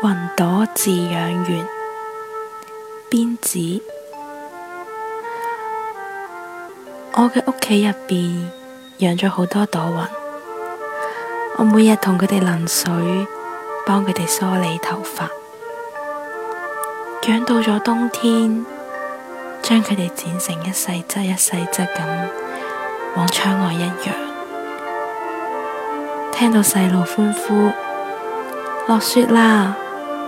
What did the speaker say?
雲朵飼養員，辮子。我嘅屋企入邊養咗好多朵雲，我每日同佢哋淋水，幫佢哋梳理頭髮，養到咗冬天，將佢哋剪成一細則一細則咁，往窗外一揚，聽到細路歡呼：落雪啦！